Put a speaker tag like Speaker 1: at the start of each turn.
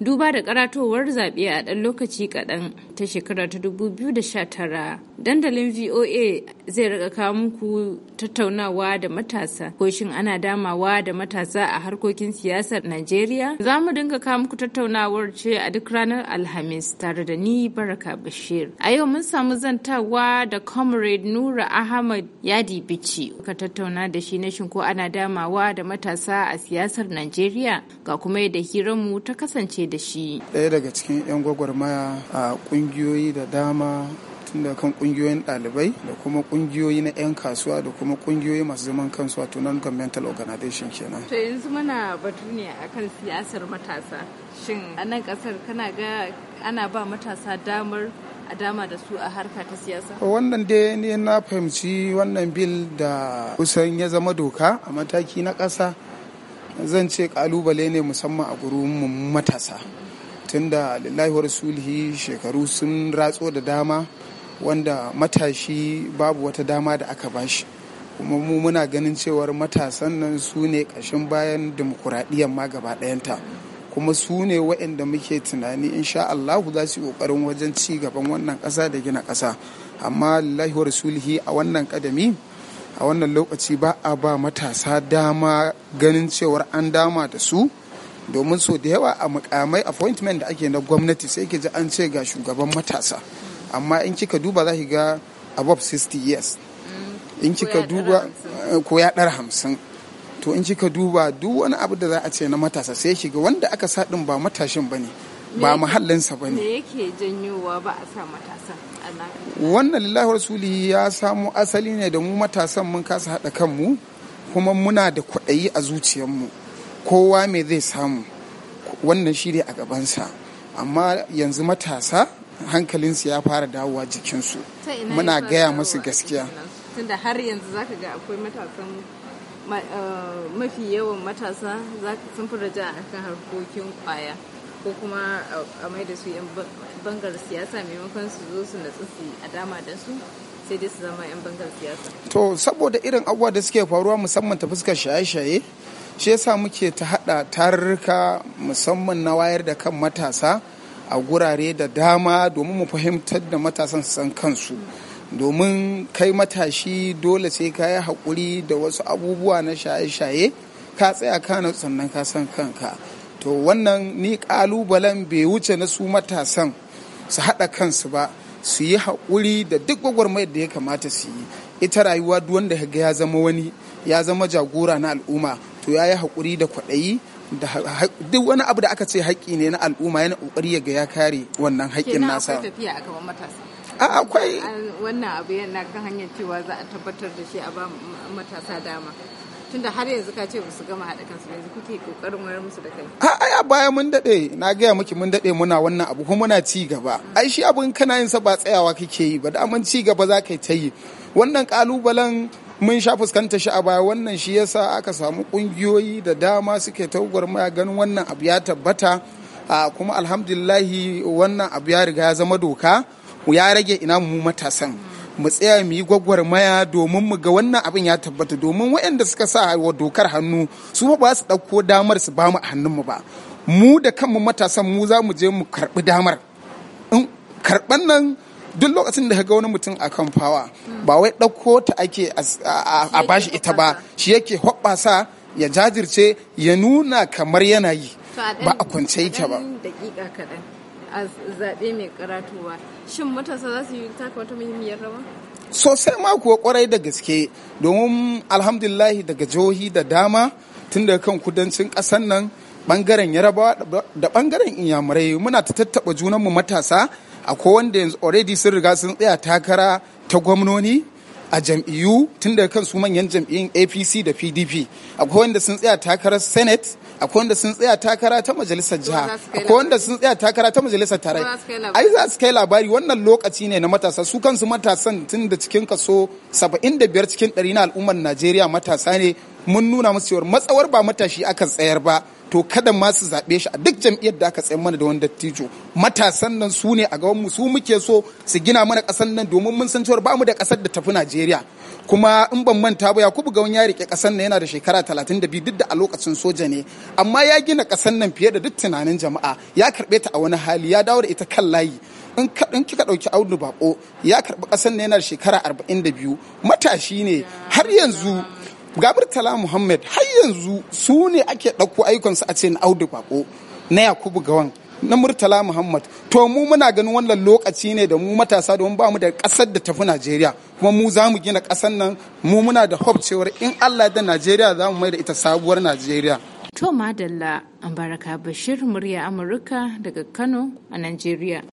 Speaker 1: duba da karatowar zaɓe a ɗan lokaci kaɗan ta shekara ta 2019 dandalin voa zai rika kawo muku tattaunawa da matasa ko shin ana damawa da matasa a harkokin siyasar najeriya za mu dinga kawo muku tattaunawar ce a duk ranar alhamis tare da ni baraka bashir a yau mun samu zantawa da comrade nura ahmad yadi bici ka tattauna da shi na shin ko ana damawa da matasa a siyasar najeriya ga kuma yadda hiranmu ta kasance
Speaker 2: da shi ɗaya daga cikin 'yan gwagwarmaya a ƙungiyoyi da dama tun da kan kungiyoyin ɗalibai da kuma kungiyoyi na 'yan kasuwa da kuma kungiyoyi masu zaman kansu wato non governmental organization kenan. To
Speaker 1: yanzu mana batu ne akan siyasar matasa. Shin a nan ƙasar kana ga ana ba matasa damar a dama da su a harka ta siyasa?
Speaker 2: Wannan dai ne na fahimci wannan bil da kusan ya zama doka a mataki na ƙasa zan ce kalubale ne musamman a gurin matasa tunda lillahi wa shekaru sun ratso da dama wanda matashi babu wata dama da aka bashi kuma mu muna ganin cewar matasan nan su ne ƙashin bayan dimokuraɗiyyar ma gaba ɗayanta kuma su ne waɗanda muke tunani insha Allahu za su yi ƙoƙarin wajen ci gaban wannan ƙasa da gina ƙasa amma lillahi sulhi a wannan ƙadami a wannan lokaci ba a ba matasa dama ganin cewar an dama da su domin so da yawa a mukamai appointment da ake na gwamnati sai ke ji an ce ga shugaban matasa amma in kika duba za ki ga above 60 years mm. in kika duba ko ya ɗara hamsin to in kika duba duk wani abu da za a ce na matasa sai ki wanda aka sa ba matashin ba ne ba mahallinsa ba ne me
Speaker 1: yake janyowa ba a sa matasa
Speaker 2: wannan lillahi rasuli ya samo asali ne da mu matasan mun kasa haɗa kanmu kuma muna da kwaɗayi a zuciyarmu kowa me zai samu wannan shi ne a gabansa amma yanzu matasa hankalinsu ya fara dawowa jikinsu
Speaker 1: muna gaya
Speaker 2: masu gaskiya
Speaker 1: tunda har yanzu zaka ga akwai matasan eh, mafi yawan matasa sun fi raja a kan harkokin kwaya ko kuma a mai da su yan bangar siyasa maimakon su zo su natsu su a dama da su sai dai su zama yan bangar siyasa
Speaker 2: to saboda irin abubuwa da suke faruwa musamman ta fuskar shaye-shaye shi yasa muke ta hada tarurruka musamman na wayar da kan matasa a gurare da dama domin mu fahimtar da matasan su san kansu domin kai matashi dole sai ka yi haƙuri da wasu abubuwa na shaye-shaye ka tsaya ka sannan ka san kanka to wannan ni kalubalen bai wuce na su matasan su haɗa kansu ba su yi haƙuri da duk gwagwarmayar da ya kamata su yi ita rayuwa duk wanda ga ya zama wani ya zama jagora na al'umma to ya yi haƙuri da kwaɗayi duk wani abu da aka ce haƙƙi ne na al'umma yana ƙoƙari ya ga ya kare wannan haƙƙin nasa
Speaker 1: tafiya a gaban matasa
Speaker 2: a akwai
Speaker 1: wannan abu yana kan hanyar cewa za a tabbatar da shi a ba matasa dama tunda har yanzu ka ce su gama haɗa kansu yanzu kuke kokarin wayar musu da kai
Speaker 2: a a baya mun dade na gaya miki mun dade muna wannan abu kuma muna ci gaba ai shi abin kana yin sa ba tsayawa kake yi ba da mun ci gaba za kai ta yi wannan kalubalen mun sha fuskanta shi a baya wannan shi yasa aka samu kungiyoyi da dama suke taugwar maya ganin wannan abu ya tabbata kuma alhamdulillahi wannan abu ya riga ya zama doka ya rage ina mu matasan mu tsaya mu yi gwagwarmaya domin mu ga wannan abin ya tabbata domin waɗanda suka sa wa dokar hannu su ba su ɗauko damar su ba mu hannun mu ba mu da kanmu matasan mu za mu je mu karɓi damar in karɓan nan duk lokacin da ka ga wani mutum a kan fawa ba wai ɗauko ta ake a bashi ita ba shi yake hoɓasa ya jajirce ya nuna kamar yana yi ba a kwance yake ba
Speaker 1: a zaɓe mai karatowa shin matasa za su yi taka wata muhimmiyar rawa
Speaker 2: sosai ma kuwa kwarai da gaske domin alhamdulillahi daga jihohi da dama tun daga kan kudancin ƙasar nan bangaren yarabawa da bangaren inyamurai muna ta tattaɓa junanmu matasa akwai wanda yanzu already sun riga sun tsaya takara ta gwamnoni a jam'iyyu tun daga kan su manyan jam'iyyun apc da pdp akwai wanda sun tsaya takarar senate akwai wanda sun tsaya takara ta majalisar jiha akwai wanda sun tsaya takara ta majalisar tarai ai za su kai labari wannan lokaci ne na matasa su kansu matasan tun da cikin kaso 75 cikin 100 na al'ummar Najeriya matasa ne mun nuna musu cewar matsawar ba matashi akan tsayar ba to kada ma su zaɓe shi a duk jam'iyyar da aka tsaye mana da wani dattijo matasan nan su ne a gaban mu su muke so su gina mana ƙasar nan domin mun san cewa ba mu da ƙasar da tafi Najeriya kuma in ban manta ba Yakubu wani ya rike ƙasar nan yana da shekara 32 duk da a lokacin soja ne amma ya gina ƙasar nan fiye da duk tunanin jama'a ya karɓe ta a wani hali ya dawo da ita kan layi in ka in kika dauki audu bako ya karɓi ƙasar na yana da shekara 42 matashi ne har yanzu Gabir Tala Muhammad har yanzu su ne ake ɗauko ayyukansu a ce na Audu Bako na Yakubu Gawan na Murtala Muhammad to mu muna ganin wannan lokaci ne da mu matasa domin ba mu da ƙasar da tafi Najeriya kuma mu za mu gina ƙasar nan mu muna da hope cewar in Allah da Najeriya za mu mai da ita sabuwar Najeriya
Speaker 1: to madalla Ambaraka Bashir murya Amurka daga Kano a Najeriya